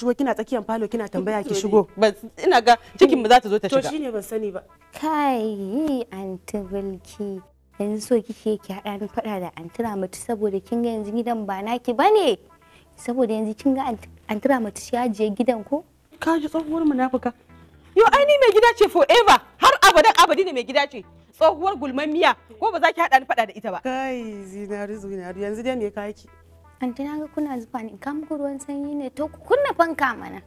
shigo kina tsakiyar falo kina tambaya ki shigo ina ga cikin mu za ta zo ta shiga to shine ban sani ba kai anti bilki yanzu so kike ki hada ni fada da antira mutu saboda kin ga yanzu gidan ba naki bane saboda yanzu kin ga antira mutu shi ajiye gidan ko ka ji tsohuwar munafuka yo ai ni mai gida ce forever har abadan abadi ne mai gida ce tsohuwar miya ko ba za ki hada ni fada da ita ba kai zinari zinari yanzu dai me kaki Anti na ga kuna zufa ne, ka muku ruwan sanyi ne to kunna fanka mana.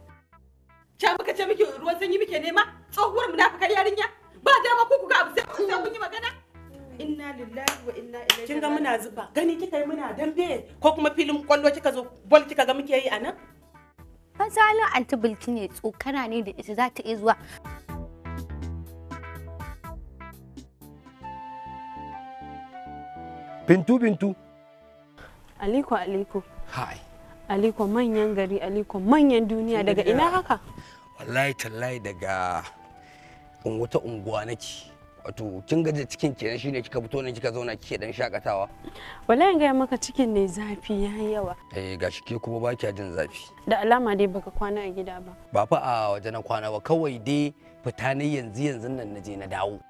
Ca muka ce muke ruwan sanyi muke nema? Tsohuwar munafukar yarinya? Ba dama ku ku ga abu sai kun yi magana? Inna lillahi wa inna ilaihi Kin ga muna zufa. Gani kika yi muna dambe ko kuma filin kwallo kika zo bol kika ga muke yi a nan? Fasalin anti Bilki ne tsokana ne da ita za ta iya zuwa. Bintu bintu aliko aliko Hi. aliko manyan gari aliko manyan duniya daga ina haka wallahi tallahi daga wata unguwa nake wato kin gaji cikin kenan shine kika fito ne kika zauna kike dan shakatawa wallahi ga maka cikin ne zafi yayi yawa eh gashi ke kuma ba kya jin zafi da alama dai baka kwana a gida ba ba fa a waje na kwana ba kawai dai fita ne yanzu yanzu nan naje na dawo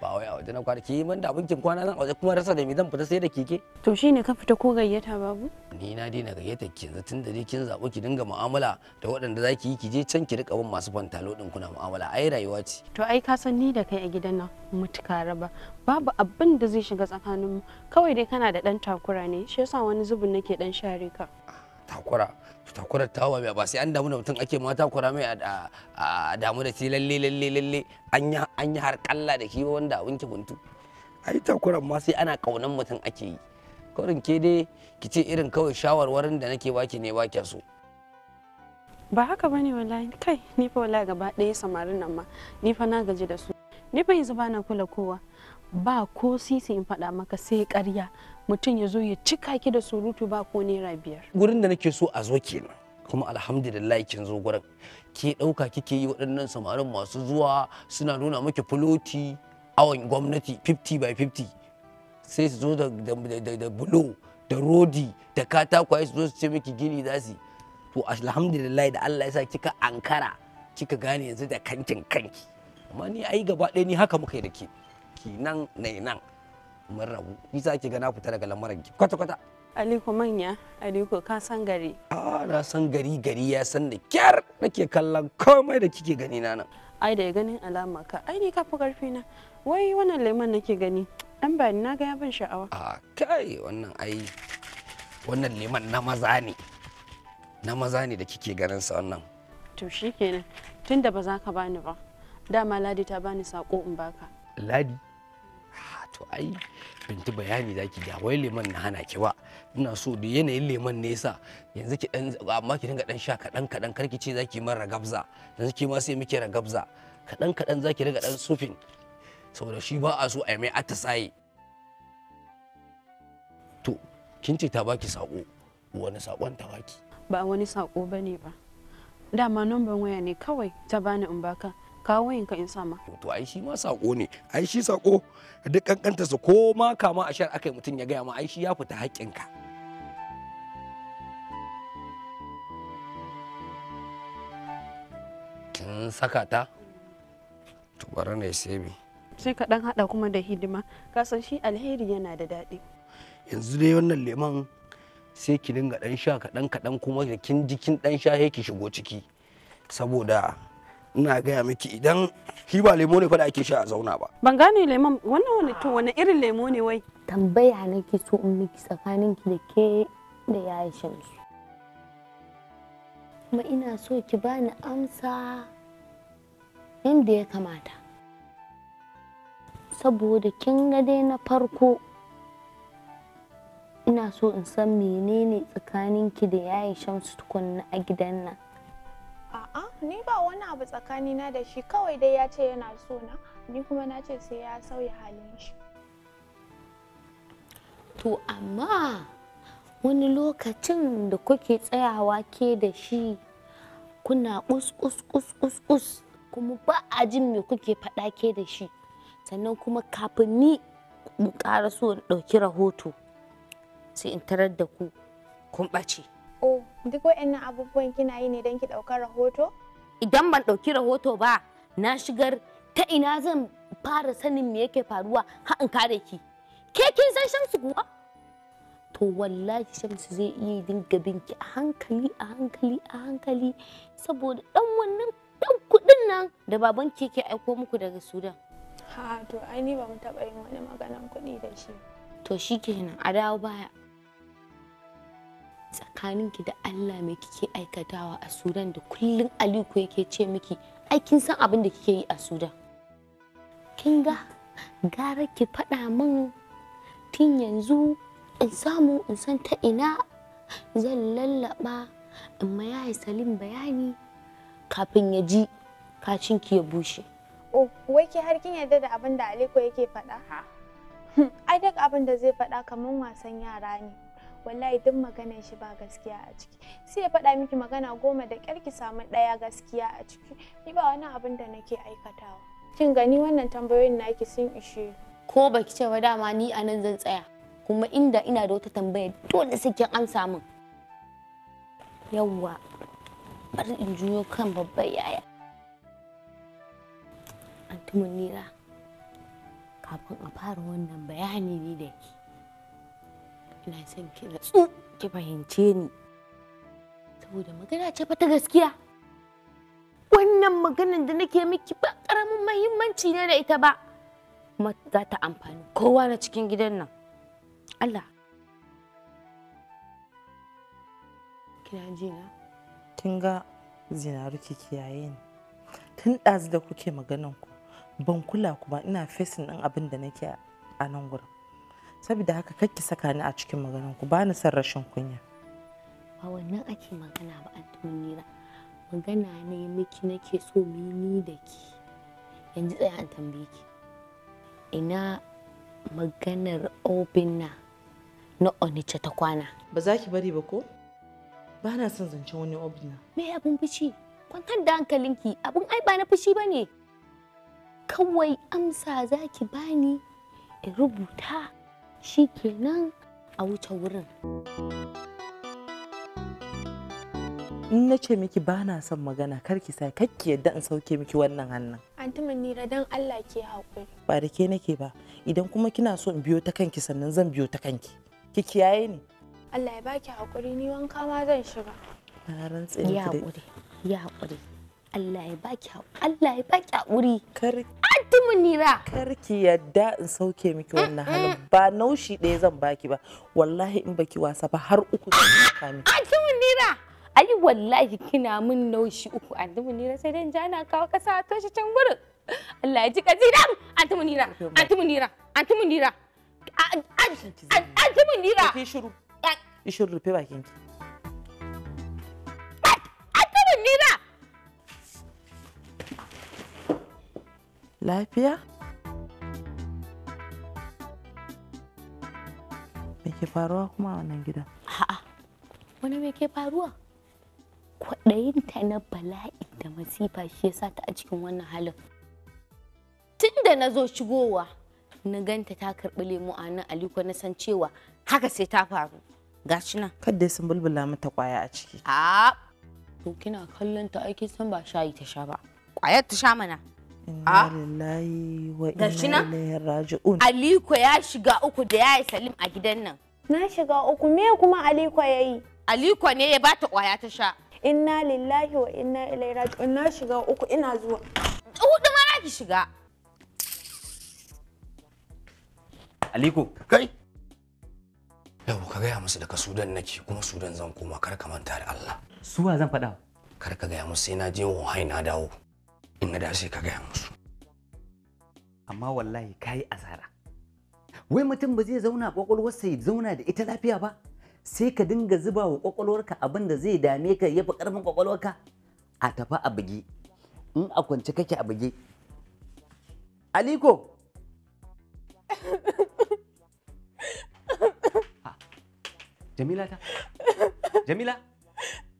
ba wai a waje na kwana ki min da abincin kwana nan a waje kuma rasa da mi zan fita sai da kike to shi ne ka fita ko gayyata babu ni na daina gayyata ki yanzu tun da dai kin zaɓi ki dinga mu'amala da waɗanda za ki yi ki je can ki rika bin masu fantalo din kuna mu'amala ai rayuwa ce to ai ka san ni da kai a gidan nan mutuka raba babu abin da zai shiga tsakanin mu kawai dai kana da ɗan takura ne shi yasa wani zubin nake dan share ka takura takurar ta wa ba sai an damu da mutum ake ma takura mai a damu da shi lalle lalle lalle an yi har kalla da kiwo wanda wanke buntu ai takurar ma sai ana kaunan mutum ake yi kawai ke dai ki ce irin kawai shawarwarin da nake baki ne baki so ba haka bane wallahi kai ni fa wallahi gaba ɗaya samarin nan ma ni fa na gaji da su ni fa yanzu na kula kowa ba ko sisi in faɗa maka sai ƙarya mutum ya zo ya cika ki da surutu ba ko naira biyar gurin da nake so a zo kenan kuma alhamdulillah kin zo gurin ke ɗauka kike yi waɗannan samarin masu zuwa suna nuna miki fuloti awon gwamnati 50 by 50 sai su zo da da bulo da rodi da katakwaye su zo su ce miki gini za su to alhamdulillah da Allah ya sa kika ankara kika gane yanzu da kankin kanki amma ni ai gaba ɗaya ni haka muka yi da ke kinan nan nan mun rabu ni za ki ga na fita daga lamarin ki kwata kwata Aliko manya Aliko ka san gari a na san gari gari ya san da kyar nake kallon komai da kike gani na nan ai da ganin alama ka ai ni kafa karfi na wai wannan lemon nake gani dan ba na ga ya ban sha'awa a kai wannan ai wannan lemon na maza ne na maza ne da kike ganin sa wannan to shikenan tunda ba za ka bani ba dama ladi ta bani sako in baka ladi to ai binti bayani zaki da wai leman na hana ki ba ina so da yanayin leman ne yasa yanzu ki dan amma ki dinga dan sha kadan kadan kar ki ce zaki mara ragabza yanzu ki ma sai muke ragabza kadan kadan zaki riga dan sufin saboda shi ba a so a mai atasaye to kin ce ta baki sako wani sakon ta baki ba wani sako bane ba dama numban waya ne kawai ta bani in baka kawo wayan ka sama to ai shi ma sako ne ai shi sako duk kankanta su ko ma kama a shar akai mutum ya gaya ma ai shi ya fita haƙƙin ka kin saka ta to bara ne sai sai ka dan hada kuma da hidima ka san shi alheri yana da daɗi yanzu dai wannan leman sai ki dinga dan sha kaɗan kaɗan kuma da kin jikin ɗan sha ki shigo ciki saboda ina gaya miki idan shi ba lemo ne fa da ake sha a zauna ba ban gane lemon wannan wani to wani irin lemo ne wai tambaya nake so in miki tsakanin ki da ke da yayin su kuma ina so ki bani amsa yadda ya kamata saboda kin ga dai na farko ina so in san menene tsakanin ki da yayin shamsu tukunna a gidan nan a'a ni ba wani abu tsakanina da shi kawai dai ya ce yana so na ni kuma na ce sai ya sauya halin shi to amma wani lokacin da kuke tsayawa ke da shi kuna us us us us us kuma ba a jin me kuke faɗa ke da shi sannan kuma kafin ni in ƙara so in ɗauki rahoto sai in tarar da ku kun ɓace. Oh. duk waɗannan abubuwan kina yi ne don ki ɗauka rahoto idan ban ɗauki rahoto ba na shigar ta ina zan fara sanin me yake faruwa haɗin in kare ki ke kin san shamsu kuwa to wallahi shamsu zai iya dinga binki a hankali a hankali a hankali saboda dan wannan dan kudin nan da baban ke ke aiko muku daga sudan ha to ai ni ba mu taba yin wani maganan kuɗi da shi to shikenan a dawo baya tsakanin ki da Allah mai kike aikatawa a Sudan da kullun Aliko yake ce miki ai kin san abin da kike yi a Sudan kin ga gara ki faɗa min tun yanzu in samu in san ta ina zan lallaba in ma yayi Salim bayani kafin ya ji ki ya bushe oh wai ki har kin yarda da abin da Aliko yake faɗa hm, ai duk abin da zai faɗa kaman wasan yara ne wallahi duk maganar shi ba gaskiya a ciki sai ya faɗa miki magana goma da ƙyar ki samu ɗaya gaskiya a ciki ni ba wani abin da nake aikatawa kin gani wannan tambayoyin naki sun ishe ko baki ce ba dama ni a nan zan tsaya kuma inda ina da wata tambaya dole sai kin amsa min yawwa bari in juyo kan babban yaya antumin nira kafin a fara wannan bayani ne da ke ina son ki natsu ki fahimce ni saboda magana ce fa ta gaskiya wannan maganar da nake miki ba karamin muhimmanci ne da ita ba kuma za ta amfani kowa na cikin gidan nan Allah kina ji na kin ga zinaru ki kiyaye ni tun ɗazu da kuke maganan ku ban kula kuma ina fesin ɗin abin da nake a nan gurin saboda haka kakki saka ni a cikin maganar ku bani son rashin kunya ba wannan ake magana ba a munira magana ne miki nake so ni da ki yanzu tsaya an tambaye ki ina maganar obinna na onice ta kwana ba za ki bari ba ko ba na son zancen wani obinna me abin fici kwantar da hankalinki abin ai ba na fushi ba ne kawai amsa za ki bani in rubuta shi kenan a wuce wurin in na ce miki ba na son magana kar ki sa kakki yadda in sauke miki wannan hannun anti munira dan Allah ke haƙuri ba da ke nake ba idan kuma kina so in biyo ta kanki sannan zan biyo ta kanki ki kiyaye ni Allah ya baki haƙuri ni wanka ma zan shiga na rantse ya haƙuri ya haƙuri Allah ya baki haƙuri Allah ya baki haƙuri kar anti munira karki yadda in sauke miki wannan halin ba naushi ɗaya zan baki ba wallahi in baki wasa ba har uku zan baka miki anti ah, nira. ai wallahi kina min naushi uku ah, a anti nira sai dan jana kawo kasa a shi can gurin Allah ya ji kazira anti munira a a anti munira anti munira ki shiru ah. ki shiru rufe bakin ki lafiya? Me ke faruwa kuma a wannan gidan? A'a, wani me ke faruwa? Kwaɗayinta na bala'i da masifa shi ya sa ta a cikin wannan halin. Tun da na zo shigowa, na ganta ta karɓi lemo a nan Aliko na san cewa haka sai ta faru. Gashi nan. Kadda sun bulbula mata kwaya a ciki. A'a, to kina kallon ta aiki san ba shayi ta sha ba. Kwayar ta sha mana. inna ah. lillahi wa inna ilaihi raji'un aliko ya shiga uku da yi salim a gidan nan na shiga uku me kuma aliko yayi aliko ne ya bata kwaya ta sha inna lillahi wa inna ilai raji'un na shiga uku ina zuwa hudu ma ki shiga aliko kai yau ka gaya musu daga sudan nake kuma sudan zan koma kar ka manta da Allah suwa zan faɗa kar ka gaya musu sai na je wahai na dawo in da sai ka gaya musu amma wallahi yi asara wai mutum ba zai zauna kwakwalwarsa ya zauna da ita lafiya ba sai ka dinga zuba wa kwakwalwarka abin da zai dame ka ya fi karfin kwakwalwarka a tafi a bugi in a kwance kake a bugi aliko ah, jamila ta jamila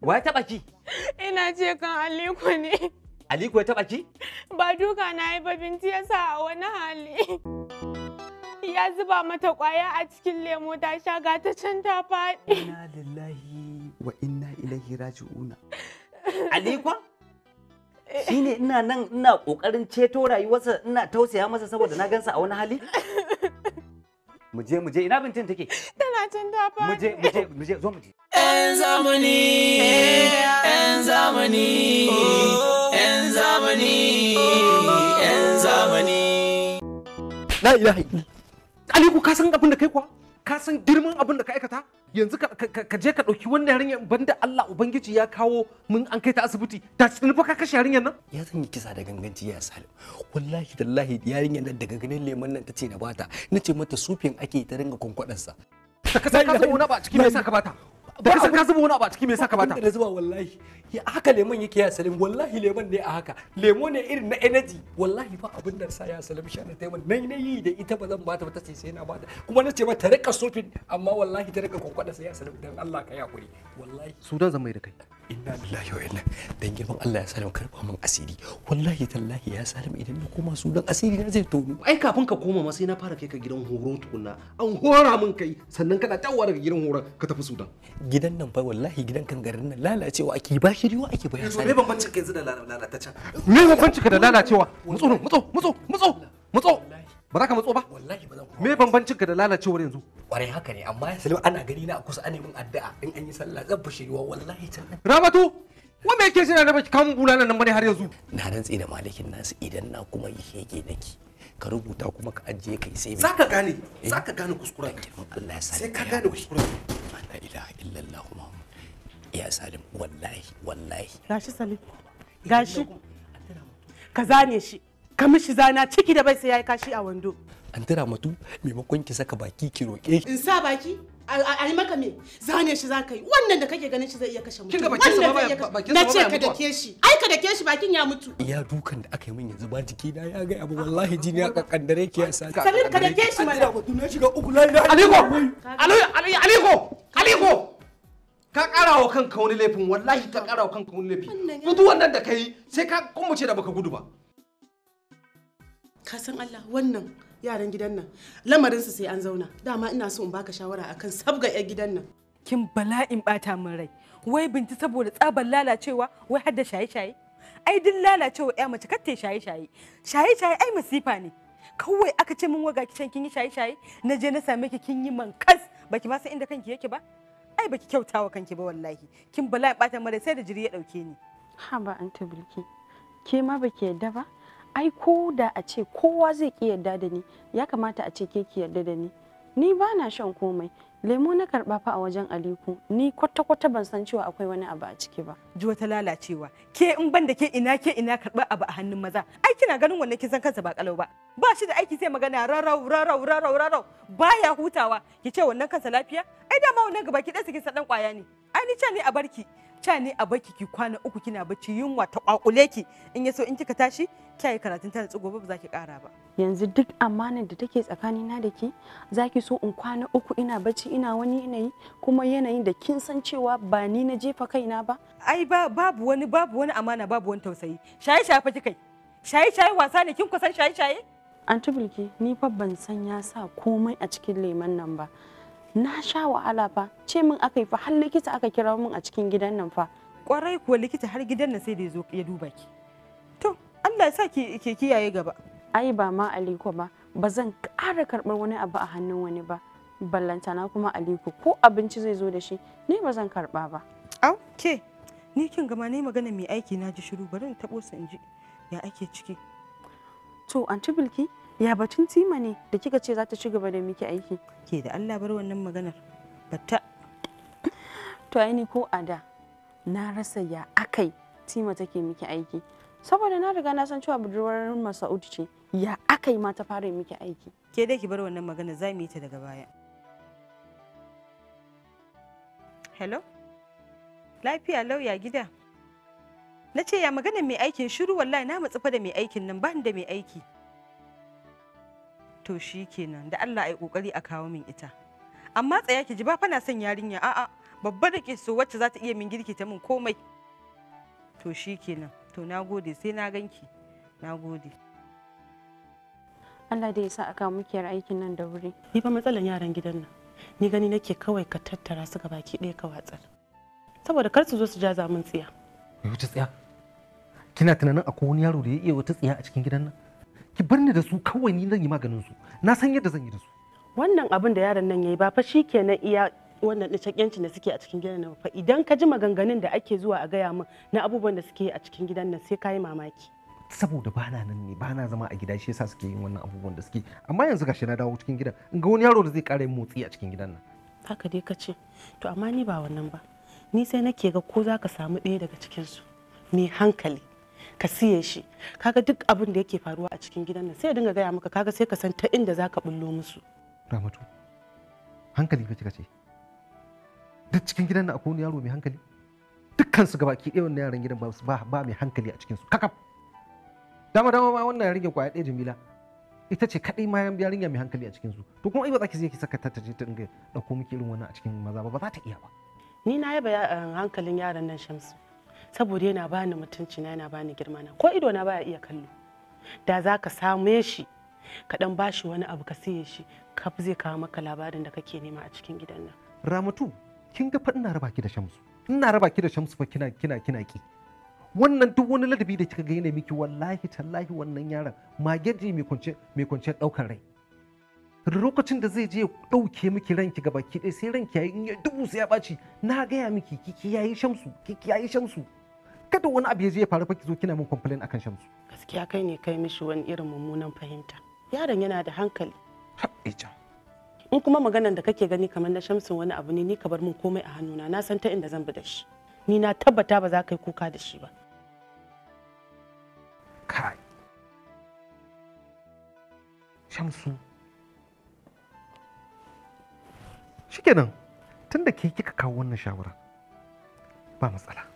wa ya taba ki ina ce kan aliko ne Aliko ya taba ki? Ba duka na yi ba binti ya a wani hali. Ya zuba mata kwaya a cikin lemo ta sha ga ta can ta faɗi. Ina lillahi wa inna ilahi raji'una. Aliko? Shine ina nan ina kokarin ceto rayuwarsa ina tausaya masa saboda na gansa a wani hali? mu je mu je ina bintin take tana can da ba muje muje muje zo muje en zamani en zamani en zamani en zamani la ilaha illallah aliku ka san abin da kai kwa ka san girman abin da ka aikata yanzu ka je ka ɗauki wannan yarinyar banda Allah Ubangiji ya kawo mun an kai ta asibiti ta ci ka kashe yarinyar nan ya san yi kisa da ganganci ya salim wallahi tallahi yarinyar nan da ganin lemon nan tace na bata nace mata sufin ake ta ringa kwankwadan sa ka san ka san ba cikin me yasa ka bata ba ka ka zuba wani abu a ciki me yasa ka bata da zuba wallahi haka lemon yake ya salim wallahi lemon ne a haka lemo ne irin na energy wallahi ba abin da sa ya salim shi ta mun nai yi da ita ba zan bata ba tace sai na bata kuma nace ba ta rika sofin amma wallahi ta rika kokkwada sai ya salim dan Allah ka ya kuri wallahi sudan zan mai da kai inna lillahi wa inna dan girman Allah ya salim karba min asiri wallahi tallahi ya salim idan na koma su asiri na zai tono ai kafin ka koma ma sai na fara kai ka gidan horo tukunna an hora min kai sannan kana tawa daga gidan horon ka tafi sudan gidan nan fa wallahi gidan kan garin nan lalacewa ake ba shiriwa ake ba ya salim eh, me bambancin kai yanzu da lalataccen me bambancin ka da lalacewa mutso mutso mutso mutso mutso ba za ka matso ba wallahi ba zan kuma me bambancin ka da lalacewar yanzu kwarai haka ne amma ya salim ana gani na a kusa ana yin addu'a in an yi sallah zan fushi ruwa wallahi tallahi ramatu wanda yake shi na baki kamun bulala nan bane har yanzu na rantsi da malikin nasu idan na kuma yi hege nake ka rubuta kuma ka ajiye kai sai za ka gane eh? zaka ka gane kuskuren girman Allah ya sa sai ka gane kuskuren la ilaha illallah muhammad ya salim wallahi wallahi gashi salim gashi ka zane shi ka mishi zana ciki da bai sai yi kashi a wando an tira mutu maimakon ki saka baki ki roke in sa baki a yi maka me zane shi za ka yi wannan da kake ganin shi zai iya kashe ba wannan sa ba. na ce ka dake shi ai ka dake shi bakin ya mutu iya dukan da aka yi min yanzu ba jiki na ya ga abu wallahi jini ya kakkandare ki ya sa sabin ka dake shi mana na shiga uku lai lai. aliko aliko aliko ka kara wa kanka wani laifin wallahi ka kara wa kanka wani laifin gudu wannan da kai sai ka kuma ce da baka gudu ba ka san Allah wannan yaran gidan nan lamarin lamarinsu sai an zauna dama ina so in baka shawara akan sabga 'yan gidan nan kin bala'in bata min rai wai binti saboda tsabar lalacewa wai har da shaye-shaye ai duk lalacewa ya mace kar ta shaye-shaye shaye-shaye ai masifa ne kawai aka ce min waga kicin kin yi shaye-shaye na je na same ki kin yi mankas baki ma san inda kanki yake ba ai baki kyautawa kanki ba wallahi kin bala'in bata min rai sai da jiri ya dauke ni ha ba anta bilki ke ma baki yadda ba ai ko da a ce kowa zai ki yarda da ni ya kamata a ce ke ki yarda da ni ni ba na shan komai lemo na karba fa a wajen aliku ni kwata-kwata ban san cewa akwai wani abu a ciki ba juwa ta lalacewa ke in ban da ke ina ke ina karba abu a hannun maza ai kina ganin wannan kin san kansa ba kalau ba ba shi da aiki sai magana rarau rarau rarau rarau baya hutawa ki ce wannan kansa lafiya ai da ma wannan gaba ki dan sakin sa dan kwaya ne ai ni ce ne a barki ca ne a baki ki kwana uku kina bacci yunwa ta kwakule ki in yaso in kika tashi kiyaye karatun ta tsugo ba za kara ba yanzu duk amanar da take tsakani na da ki zaki so in kwana uku ina bacci ina wani yanayi kuma yanayin da kin san cewa ba ni na jefa kaina ba ai ba babu wani babu wani amana babu wani tausayi shaye shaye fa kikai shaye shaye wasa ne kin kusan shaye shaye an tubulki ni fa ban san ya sa komai a cikin leman nan ba na sha wahala fa ce min aka yi fa har likita aka kira min a cikin gidan nan fa kwarai kuwa likita har gidan nan sai da zo ya duba ki to Allah ya sa ke kiyaye gaba ai ba ma aliko ba ba zan ƙara karɓar wani abu a hannun wani ba na kuma aliko ko abinci zai zo da shi ni ba zan karɓa ba au ke ni kin gama ne magana mai aiki na ji shiru bari in taɓo su in ji ya ake ciki to anti bilki ya batun tima ne da kika ce za ta ci gaba da miki aiki ke da allah bar wannan maganar bata to ai ni ko a da na rasa ya akai tima take miki aiki saboda na riga na san cewa budurwar masaud ce ya akai ma ta fara miki aiki ke dai ki bar wannan magana za mu yi ta daga baya hello lafiya lauya gida na ce ya magana mai aikin shiru wallahi na matsufa da mai aikin nan ban da mai aiki to shi kenan da Allah ai kokari a kawo min ita amma tsaya ki ji ba fa na son yarinya a'a babba da ke so wacce za ta iya min girki ta min komai to shi kenan to nagode sai na ganki nagode Allah da ya sa aka mukiyar aikin nan da wuri ni fa matsalan yaran gidan nan ni gani nake kawai ka tattara su ga baki ɗaya ka watsar saboda kar su zo su jaza min tsiya wata tsiya kina tunanin akwai wani yaro da ya iya wata tsiya a cikin gidan nan ki bar ni da su kawai ni zan yi maganin su na san yadda zan yi da su wannan abin da yaron nan yayi ba fa shikenan iya wannan ɗin da suke a cikin gidan nan fa idan ka ji maganganun da ake zuwa a gaya min na abubuwan da suke a cikin gidan nan sai kai mamaki saboda bana nan ne bana zama a gida shi yasa suke yin wannan abubuwan da suke amma yanzu gashi na dawo cikin gidan in ga wani yaro da zai ƙara yin motsi a cikin gidan nan haka dai ka to amma ni ba wannan ba ni sai nake ga ko zaka ka samu ɗaya daga su mai hankali ka siye shi kaga duk abin da yake faruwa a cikin gidan nan sai ya dinga gaya maka kaga sai ka san ta inda zaka bullo musu ramatu hankali ka kika ce duk cikin gidan nan akwai wani yaro mai hankali dukkan su gabaki ɗaya wannan yaran gidan ba ba mai hankali a cikin su kakaf dama dama ma wannan yarinya kwaya ɗaya Jamila ita ce kaɗai ma yarinya mai hankali a cikin su to kuma ai ba za ki je ki saka ta ta dinga ɗauko miki irin wannan a cikin maza ba ba za ta iya ba ni na yaba eh, hankalin yaran nan Shamsu saboda yana bani mutunci na yana bani girma na ko ido na baya iya kallo da za ka same shi ka dan bashi wani abu ka siye shi ka zai kawo maka labarin da kake nema a cikin gidan nan ramatu kin ga fa ina raba ki da shamsu ina raba ki da shamsu fa kina kina kina ki wannan duk wani ladabi da kika ga yana miki wallahi tallahi wannan yaron mageji mai kunce mai kunce daukar rai lokacin da zai je ya dauke miki ranki gaba ki sai ranki yayi in ya dubu sai ya baci na gaya miki kiki yayi shamsu kiki yayi shamsu kada wani abu ya je ya faru ki zo kina min complain akan Shamsu gaskiya kai ne kai mishi wani irin mummunan fahimta yaron yana da hankali eh, in kuma maganar da kake gani kamar na Shamsu wani abu ne ni ka bar mun komai a hannuna na san ta inda zan bi da shi ni na tabbata ba za ka yi kuka da shi ba kai Shamsu shikenan tunda ke kika kawo wannan shawara ba matsala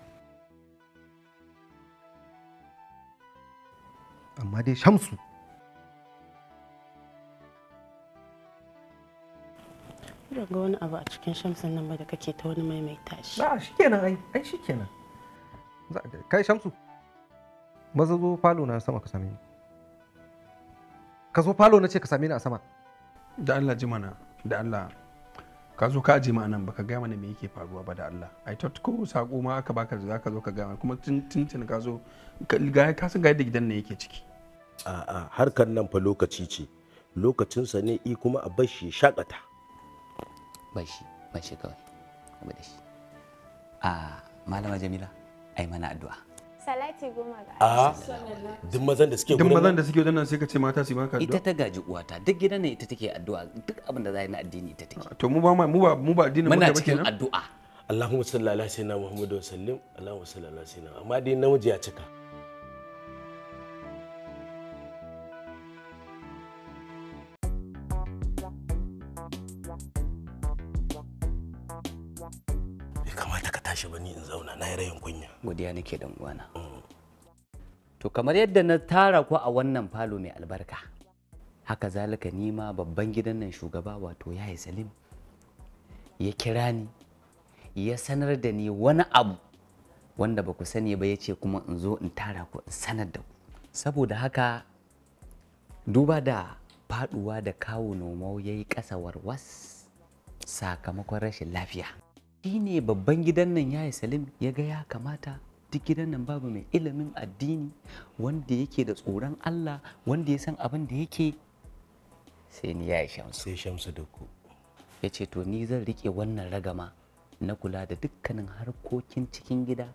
amma dai shamsu ga wani abu a cikin shamsun nan ba da kake ta wani mai tashi ba shi kenan ai ai shi kenan kai shamsu maza zo falo na sama ka same ni ka zo falo na ce ka same ni a sama da Allah ji mana da Allah ka zo ka aje ma'anan baka gaya mana me yake faruwa ba da Allah ai ta ko sako ma aka baka za ka zo ka gaya kuma tun tun ka zo ka san ga yadda gidan ne yake ciki a'a harkar nan fa lokaci ce lokacinsa ne i kuma a bashi shakata bashi bashi kawai abu da shi a malama jamila ai mana addu'a salati goma ga a duk mazan da suke duk mazan da suke nan sai ka ce mata su baka addu'a ita ta gaji uwata duk gidan ne ita take addu'a duk abin da zai na addini ita take to mu ba mu ba mu ba addinin mu muna cikin addu'a Allahumma salli ala sayyidina Muhammad wa sallim Allahumma salli ala sayyidina amma dai namiji ya cika tashi ba ni in zauna na yi rayin kunya godiya nake dan uwana mm. to kamar yadda na tara ku a wannan falo mai albarka haka zalika ni ma babban gidan nan shugaba wato yayi salim ya kira ni ya sanar da ni wani abu wanda ba ku sani ba ya ce kuma in zo in tara ku in sanar da ku saboda haka duba da faduwa da kawo nomau yayi yi ƙasa warwas sakamakon rashin lafiya shine babban gidan nan yayi salim ya ga ya kamata duk gidan nan babu mai ilimin addini wanda yake da tsoron Allah wanda ya san abin da yake sai ni yayi shamsu sai shamsu da to ni zan rike wannan ragama na kula da dukkanin harkokin cikin gida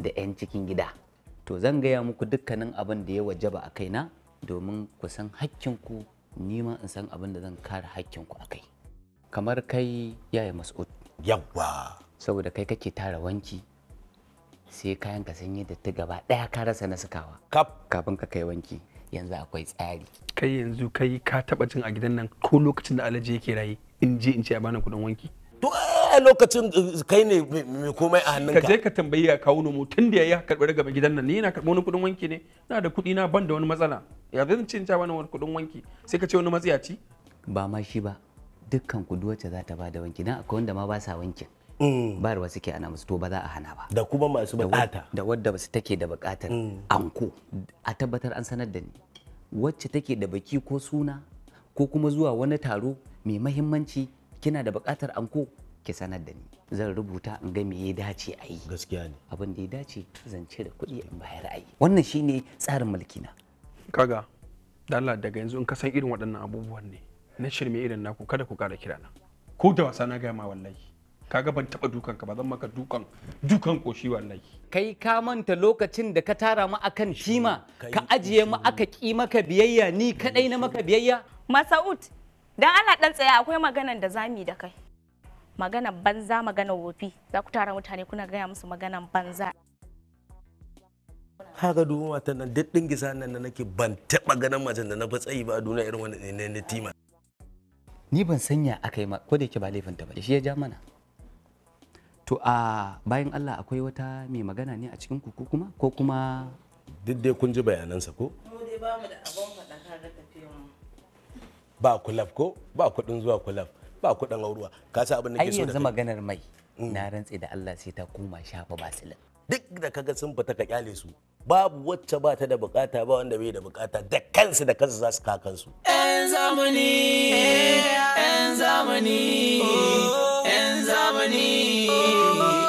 da 'yan cikin gida to zan gaya muku dukkanin abin da ya wajaba a kaina domin ku san hakkinku ma in san abin da zan kare hakkinku a kai kamar kai yaya mas'ud yawwa saboda kai kake tara wanki sai kayan ka sanye da ta gaba daya ka rasa na sukawa kaf kafin ka kai wanki yanzu akwai tsari kai yanzu kai ka taba jin a gidan nan ko lokacin da alaji yake raye in je in ce a bani kudin wanki to a eh, lokacin eh, kai ne mai komai a hannunka ka je ka tambayi ya kawo nomo tun da yayi karɓar gaba gidan nan ni yana karɓo wani kuɗin wanki ne na da kuɗi na ban da wani matsala ya zan ce in ta bani wani kuɗin wanki sai ka ce wani matsiyaci ba ma shi ba dukkan ku duwace za ta bada wanki dan akwai wanda ma ba sa wankin mm. ruwa suke ana musu to ba za a hana ba da kuma masu bukata da wadda basu take da bukatar mm. anko a tabbatar an sanar da ni wacce take da baki ko suna ko kuma zuwa wani taro mai mahimmanci kina da bukatar anko ki sanar da ni zan rubuta in ga me ya dace a yi gaskiya ne abin da ya dace zan cire kuɗi in bayar a yi wannan shine tsarin mulki na kaga da Allah daga yanzu in ka san irin waɗannan abubuwan ne na shirme irin naku kada ku kara kirana ko da wasa na gaya ma wallahi kaga ban taba dukan ka ba zan maka dukan dukan koshi wallahi kai ka manta lokacin da ka tara mu akan shima ka ajiye mu aka ki maka biyayya ni kadai na maka biyayya Masaud dan Allah dan tsaya akwai maganan da zami da kai maganan banza magana wofi za ku tara mutane kuna gaya musu maganan banza haka duk matan nan duk dingisa nan da nake ban taba ganin macen da na fa tsayi ba a duniya irin wani ne na tima ni ban sanya aka yi ko da yake ba ta ba shi ya ja mana to a bayan Allah akwai wata mai magana ne a cikin ku ko kuma ko kuma duk dai kun ji bayanansa ko mu dai ba mu da abun faɗa kan rakafe ba kulaf ko ba kuɗin zuwa kulaf ba kuɗin auruwa ka sa abin da ke so da yanzu maganar mai mm. na rantse da Allah sai ta koma shafa basilin duk da kaga sun fita ka kyale su babu wacce ba ta da bukata ba wanda bai da bukata da kansu da kansu za su ka kansu yan zamani yan zamani yan zamani